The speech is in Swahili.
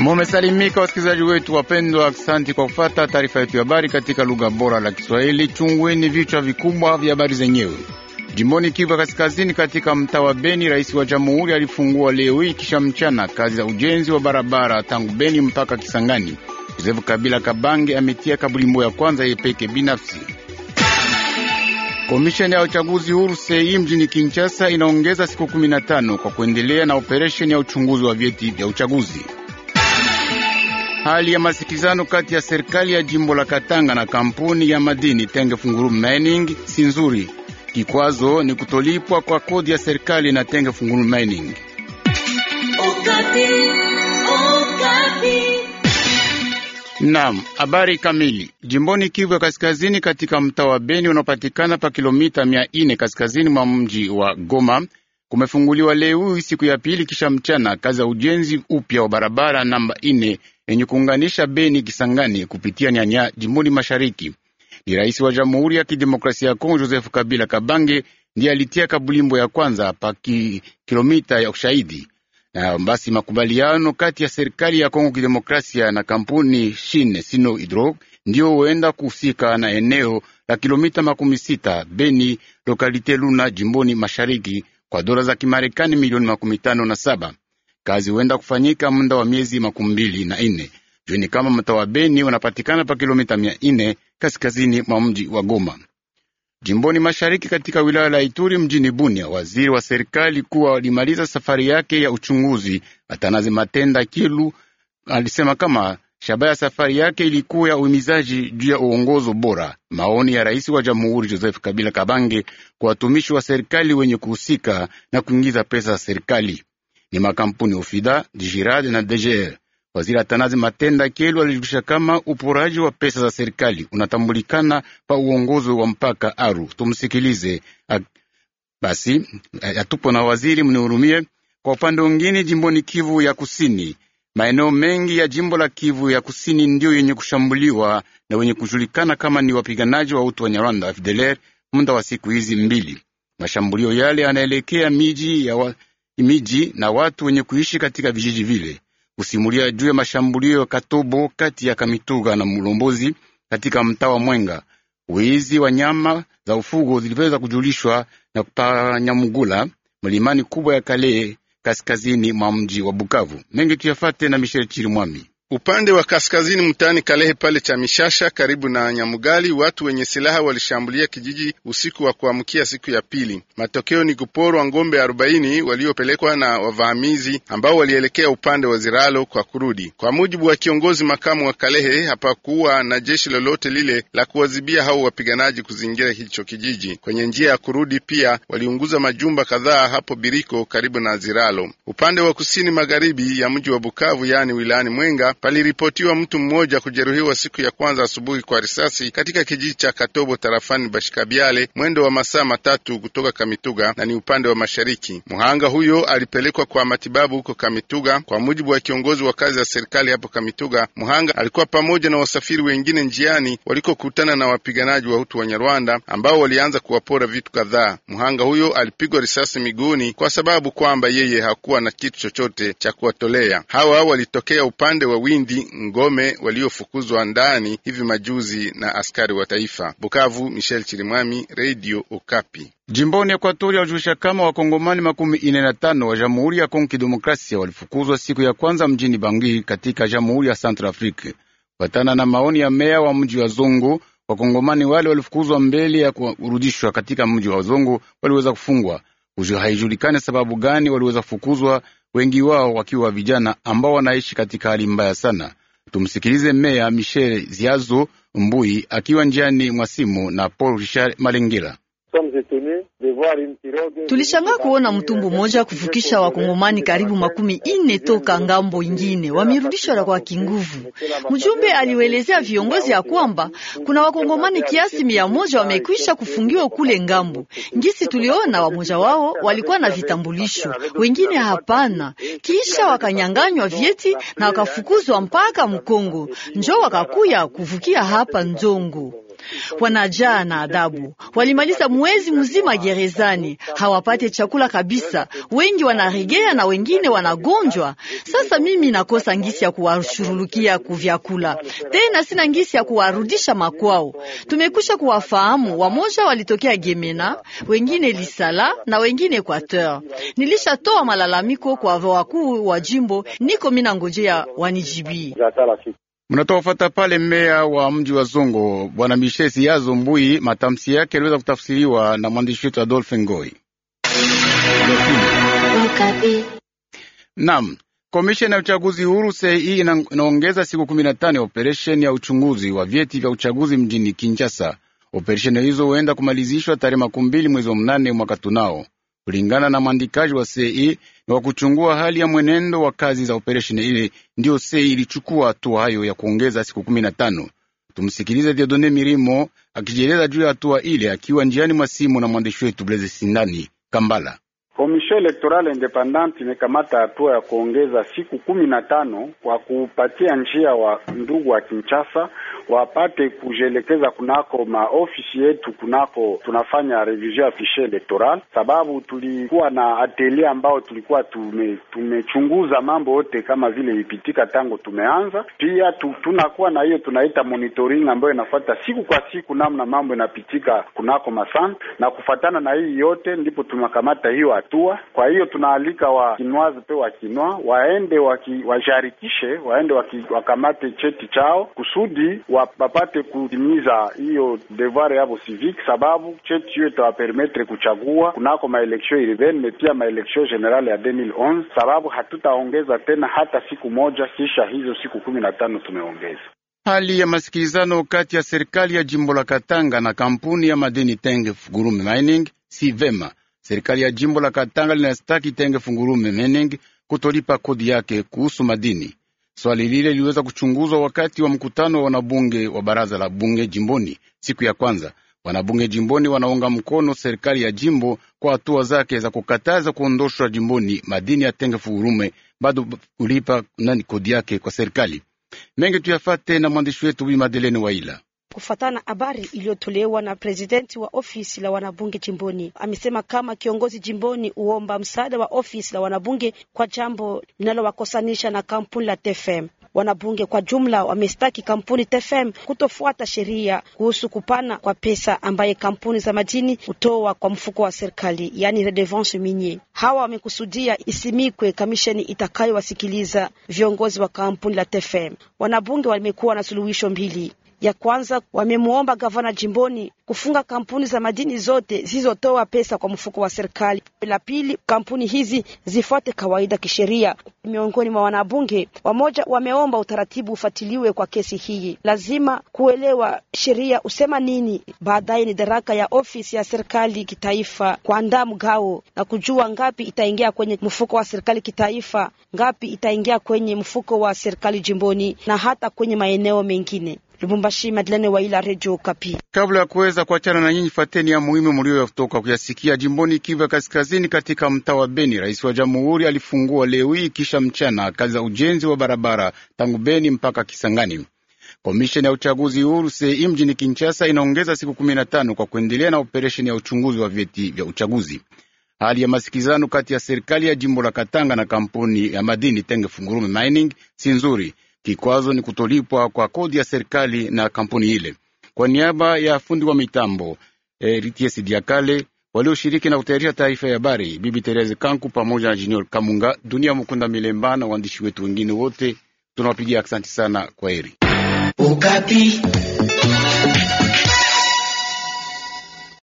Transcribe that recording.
Mumesalimika wasikilizaji wetu wapendwa, asante kwa kufata taarifa yetu ya habari katika lugha bora la Kiswahili. Chungweni vichwa vikubwa vya habari zenyewe. Jimboni Kivu Kaskazini, katika mtaa wa Beni, rais wa jamhuri alifungua leo hii kisha mchana kazi za ujenzi wa barabara tangu Beni mpaka Kisangani. josefu Kabila Kabange ametia kabulimbo ya kwanza yepeke binafsi. Komisheni ya uchaguzi huru sei mjini Kinshasa inaongeza siku 15 kwa kuendelea na operesheni ya uchunguzi wa vyeti vya uchaguzi. Hali ya masikizano kati ya serikali ya jimbo la Katanga na kampuni ya madini Tenge Funguru Mining si nzuri. Kikwazo ni kutolipwa kwa kodi ya serikali na Tenge Funguru Mining. Okati. Naam, habari kamili. Jimboni Kivu ya Kaskazini, katika mtaa wa Beni unaopatikana pa kilomita mia nne kaskazini mwa mji wa Goma, kumefunguliwa leo siku ya pili kisha mchana kazi ya ujenzi upya wa barabara namba nne yenye kuunganisha Beni Kisangani kupitia Nyanya jimboni Mashariki. Ni Rais wa Jamhuri ya Kidemokrasia ya Kongo Joseph Kabila Kabange ndiye alitia kabulimbo ya kwanza pa kilomita ya ushahidi na basi makubaliano kati ya serikali ya Kongo Kidemokrasia na kampuni Shine Sino Hydro ndiyo huenda kuhusika na eneo la kilomita makumi sita Beni, lokalite Luna, jimboni mashariki kwa dola za Kimarekani milioni makumi tano na saba. Kazi huenda kufanyika muda wa miezi makumi mbili na ine. Jueni kama mtaa wa Beni unapatikana pa kilomita mia ine kaskazini mwa mji wa Goma. Jimboni mashariki katika wilaya la Ituri mjini Bunia, waziri wa serikali kuwa alimaliza safari yake ya uchunguzi. Atanazi Matenda Kilu alisema kama shabaha ya safari yake ilikuwa ya uhimizaji juu ya uongozo bora, maoni ya rais wa jamhuri Joseph Kabila Kabange kwa watumishi wa serikali wenye kuhusika na kuingiza pesa za serikali, ni makampuni Ofida, Dijirad na DGR. Waziri Atanazi Matenda Kyelu alijulisha kama uporaji wa pesa za serikali unatambulikana pa uongozi wa mpaka Aru. Tumsikilize A, basi atupo na waziri, mnihurumie. Kwa upande mwingine, jimboni Kivu ya Kusini, maeneo mengi ya jimbo la Kivu ya Kusini ndiyo yenye kushambuliwa na wenye kujulikana kama ni wapiganaji wa utu wa Nyarwanda FDLR muda wa siku hizi mbili. Mashambulio yale yanaelekea miji, ya wa, miji na watu wenye kuishi katika vijiji vile kusimulia juu ya mashambulio ya Katobo kati ya Kamituga na Mulombozi katika mtaa wa Mwenga. Wizi wa nyama za ufugo ziliweza kujulishwa na Panyamugula, mlimani kubwa ya Kale, kaskazini mwa mji wa Bukavu. Mengi tuyafate na Mishel Chirimwami. Upande wa kaskazini mtaani Kalehe pale cha Mishasha karibu na Nyamugali, watu wenye silaha walishambulia kijiji usiku wa kuamkia siku ya pili. Matokeo ni kuporwa ng'ombe 40 waliopelekwa na wavamizi ambao walielekea upande wa Ziralo kwa kurudi. Kwa mujibu wa kiongozi makamu wa Kalehe, hapakuwa na jeshi lolote lile la kuwazibia hao wapiganaji kuzingira hicho kijiji. Kwenye njia ya kurudi pia waliunguza majumba kadhaa hapo Biriko karibu na Ziralo. Upande wa kusini magharibi ya mji wa Bukavu, yaani wilayani Mwenga paliripotiwa mtu mmoja kujeruhiwa siku ya kwanza asubuhi kwa risasi katika kijiji cha Katobo tarafani Bashikabiale mwendo wa masaa matatu kutoka Kamituga na ni upande wa mashariki. Mhanga huyo alipelekwa kwa matibabu huko Kamituga. Kwa mujibu wa kiongozi wa kazi ya serikali hapo Kamituga, Mhanga alikuwa pamoja na wasafiri wengine njiani walikokutana na wapiganaji wa Hutu Wanyarwanda ambao walianza kuwapora vitu kadhaa. Mhanga huyo alipigwa risasi miguuni kwa sababu kwamba yeye hakuwa na kitu chochote cha kuwatolea. Hawa walitokea upande wa Windi Ngome waliofukuzwa ndani hivi majuzi na askari wa taifa. Bukavu, Michel Chirimwami, Radio Okapi. Jimboni Ekwatori wajulisha kama wakongomani makumi ine na tano wa Jamhuri ya Kongo Kidemokrasia walifukuzwa siku ya kwanza mjini Bangi katika Jamhuri ya Central afrique Kufuatana na maoni ya meya wa mji wa Zongo, wakongomani wale walifukuzwa mbele ya kurudishwa katika mji wa Zongo waliweza kufungwa Haijulikani sababu gani waliweza kufukuzwa, wengi wao wakiwa vijana ambao wanaishi katika hali mbaya sana. Tumsikilize meya Michel Ziazo Mbui akiwa njiani mwa simu na Paul Richard Malengela. Tulishangaa kuona mtumbu moja kuvukisha wakongomani karibu makumi ine toka ngambo ingine, wamerudishwa kwa kinguvu. Mjumbe aliwelezea viongozi ya kwamba kuna wakongomani kiasi mia moja wamekwisha kufungiwa kule ngambo. Ngisi tuliona wamoja wao walikuwa na vitambulisho, wengine hapana, kisha wakanyanganywa vyeti na wakafukuzwa mpaka Mkongo, njo wakakuya kuvukia hapa Nzongo wanajaa na adabu. Walimaliza mwezi mzima gerezani, hawapate chakula kabisa. Wengi wanaregea na wengine wanagonjwa. Sasa mimi nakosa ngisi ya kuwashurulukia kuvyakula tena, sina ngisi ya kuwarudisha makwao. Tumekusha kuwafahamu, wamoja walitokea Gemena, wengine Lisala na wengine Equateur. Nilishatoa malalamiko kwa wakuu wa jimbo, niko mina ngojea wanijibii. Mnatofata pale meya wa mji wa Zongo bwana Michel Siyazo Mbui. matamsi yake yaliweza kutafsiriwa na mwandishi wetu Adolphe Ngoi. Naam, komisheni ya uchaguzi huru sei inaongeza siku kumi na tano ya operesheni ya uchunguzi wa vyeti vya uchaguzi mjini Kinshasa. Operesheni hizo huenda kumalizishwa tarehe makumi mbili mwezi wa mnane mwaka tunao. Kulingana na mwandikaji wa CI e na wa kuchungua hali ya mwenendo wa kazi za operesheni ile, ndiyo CI e ilichukua hatua hayo ya kuongeza siku kumi na tano. Tumsikilize Diodone Mirimo akijieleza juu ya hatua ile akiwa njiani mwa simu na mwandishi wetu Blaise Sindani Kambala. Komisio elektorale independante imekamata hatua ya kuongeza siku kumi na tano kwa kupatia njia wa ndugu wa Kinshasa wapate kujielekeza kunako maofisi yetu, kunako tunafanya revision ya fiche electoral, sababu tulikuwa na atelier ambao tulikuwa tume, tumechunguza mambo yote kama vile ipitika tangu tumeanza. Pia tu, tunakuwa na hiyo tunaita monitoring ambayo inafuata siku kwa siku namna mambo inapitika kunako masan, na kufatana na hii yote ndipo tumakamata hiyo hatua. Kwa hiyo tunaalika wa kinwazi pe wa kinwa waende waki, wajarikishe waende waki, wakamate cheti chao kusudi wapate kutimiza hiyo devoir yabo civique, sababu cheti hiyo itawapermetre kuchagua kunako maelektio iriveni mepia maelektion generale ya 2011 sababu hatutaongeza tena hata siku moja kisha hizo siku kumi na tano tumeongeza. Hali ya masikilizano kati ya serikali ya jimbo la Katanga na kampuni ya madini Tenge Fungurume Mining si vema. Serikali ya jimbo la Katanga linastaki Tenge Fungurume Mining kutolipa kodi yake kuhusu madini. Swali lile liliweza kuchunguzwa wakati wa mkutano wa wanabunge wa baraza la bunge jimboni siku ya kwanza. Wanabunge jimboni wanaunga mkono serikali ya jimbo kwa hatua zake za kukataza kuondoshwa jimboni madini ya tenge fuurume bado kulipa nani kodi yake kwa serikali. Mengi tuyafate na mwandishi wetu Bi Madeleni Waila. Kufuatana na habari iliyotolewa na presidenti wa ofisi la wanabunge jimboni, amesema kama kiongozi jimboni huomba msaada wa ofisi la wanabunge kwa jambo linalowakosanisha na kampuni la TFM. Wanabunge kwa jumla wamestaki kampuni TFM kutofuata sheria kuhusu kupana kwa pesa ambaye kampuni za madini hutoa kwa mfuko wa serikali, yani redevance minye. Hawa wamekusudia isimikwe kamisheni itakayowasikiliza viongozi wa kampuni la TFM. Wanabunge wamekuwa na suluhisho mbili: ya kwanza wamemwomba gavana jimboni kufunga kampuni za madini zote zilizotoa pesa kwa mfuko wa serikali. La pili, kampuni hizi zifuate kawaida kisheria. Miongoni mwa wanabunge wamoja wameomba utaratibu ufuatiliwe kwa kesi hii, lazima kuelewa sheria usema nini. Baadaye ni daraka ya ofisi ya serikali kitaifa kuandaa mgao na kujua ngapi itaingia kwenye mfuko wa serikali kitaifa, ngapi itaingia kwenye mfuko wa serikali jimboni na hata kwenye maeneo mengine. Lubumbashi, Madlene Waila, Radio Kapi. Kabla ya kuweza kuachana na nyinyi, fateni ya muhimu mliotoka kuyasikia jimboni Kivu ya Kaskazini, katika mtaa wa Beni. Rais wa Jamhuri alifungua leo hii kisha mchana kazi za ujenzi wa barabara tangu Beni mpaka Kisangani. Komisheni ya uchaguzi huru sei mjini Kinshasa inaongeza siku kumi na tano kwa kuendelea na operesheni ya uchunguzi wa vyeti vya uchaguzi. Hali ya masikizano kati ya serikali ya jimbo la Katanga na kampuni ya madini Tenge Fungurume Mining si nzuri. Kikwazo ni kutolipwa kwa kodi ya serikali na kampuni ile. Kwa niaba ya fundi wa mitambo Eritiesi eh, Diakale walioshiriki na kutayarisha taarifa ya habari, Bibi terese Kanku pamoja na Junior Kamunga, Dunia Mukunda Milemba na waandishi wetu wengine wote tunawapigia asanti sana. Kwa heri.